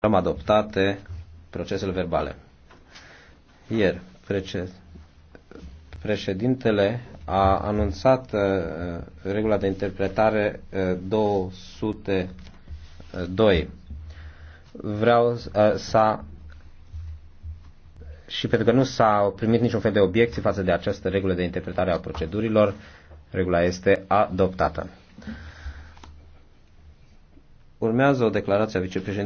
am adoptate procesele verbale. Ieri, președintele a anunțat uh, regula de interpretare 202. Uh, Vreau uh, să și pentru că nu s-a primit niciun fel de obiecții față de această regulă de interpretare a procedurilor, regula este adoptată. Urmează o declarație a vicepreședintelui